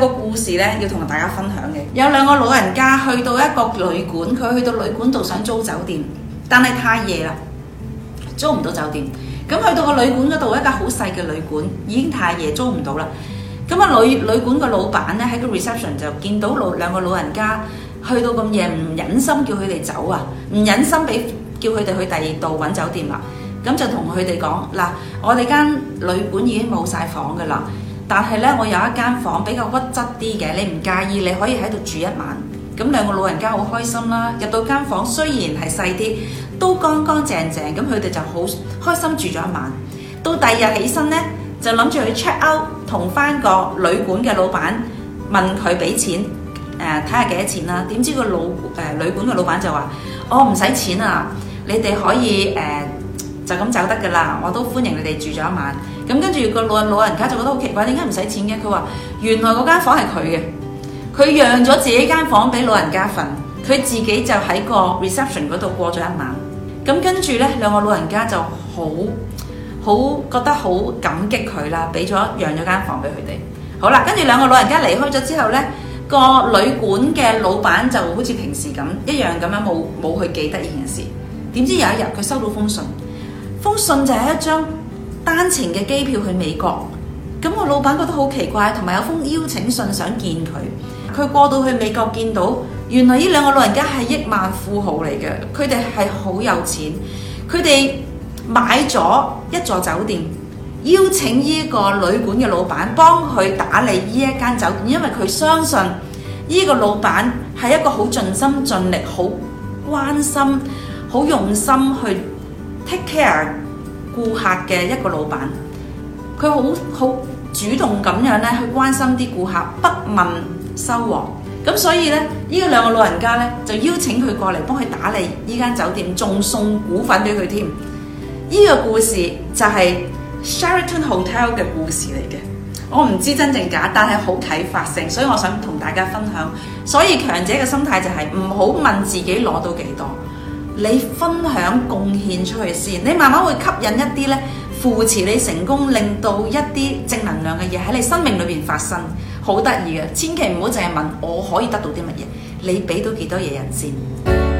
個故事咧要同大家分享嘅，有兩個老人家去到一個旅館，佢去到旅館度想租酒店，但係太夜啦，租唔到酒店。咁去到個旅館嗰度，一間好細嘅旅館，已經太夜租唔到啦。咁啊旅旅館個老闆咧喺個 reception 就見到老兩個老人家去到咁夜，唔忍心叫佢哋走啊，唔忍心俾叫佢哋去第二度搵酒店啦。咁就同佢哋講嗱，我哋間旅館已經冇晒房噶啦。但係咧，我有一間房比較屈質啲嘅，你唔介意，你可以喺度住一晚。咁兩個老人家好開心啦，入到間房雖然係細啲，都乾乾淨淨，咁佢哋就好開心住咗一晚。到第二日起身呢，就諗住去 check out，同翻個旅館嘅老闆問佢俾錢，誒睇下幾多錢啦，啊。點知個老誒、呃、旅館嘅老闆就話：我唔使錢啊，你哋可以誒。呃就咁走得噶啦！我都歡迎你哋住咗一晚。咁跟住個老老人家就覺得好奇怪，點解唔使錢嘅？佢話原來嗰間房係佢嘅，佢讓咗自己間房俾老人家瞓，佢自己就喺個 reception 嗰度過咗一晚。咁跟住呢兩個老人家就好好覺得好感激佢啦，俾咗讓咗間房俾佢哋。好啦，跟住兩個老人家離開咗之後呢，個旅館嘅老闆就好似平時咁一樣咁樣冇冇去記得呢件事。點知有一日佢收到封信。封信就係一張單程嘅機票去美國，咁我老闆覺得好奇怪，同埋有封邀請信想見佢。佢過到去美國見到，原來呢兩個老人家係億萬富豪嚟嘅，佢哋係好有錢，佢哋買咗一座酒店，邀請呢個旅館嘅老闆幫佢打理呢一間酒店，因為佢相信呢個老闆係一個好盡心盡力、好關心、好用心去。Take care 顧客嘅一個老闆，佢好好主動咁樣咧去關心啲顧客，不問收穫。咁所以呢，呢依兩個老人家呢，就邀請佢過嚟幫佢打理呢間酒店，仲送股份俾佢添。呢、這個故事就係 Sheraton Hotel 嘅故事嚟嘅。我唔知真定假，但係好啟發性，所以我想同大家分享。所以強者嘅心態就係唔好問自己攞到幾多。你分享、貢獻出去先，你慢慢會吸引一啲咧扶持你成功，令到一啲正能量嘅嘢喺你生命裏面發生，好得意嘅。千祈唔好淨係問我可以得到啲乜嘢，你俾到幾多嘢人先。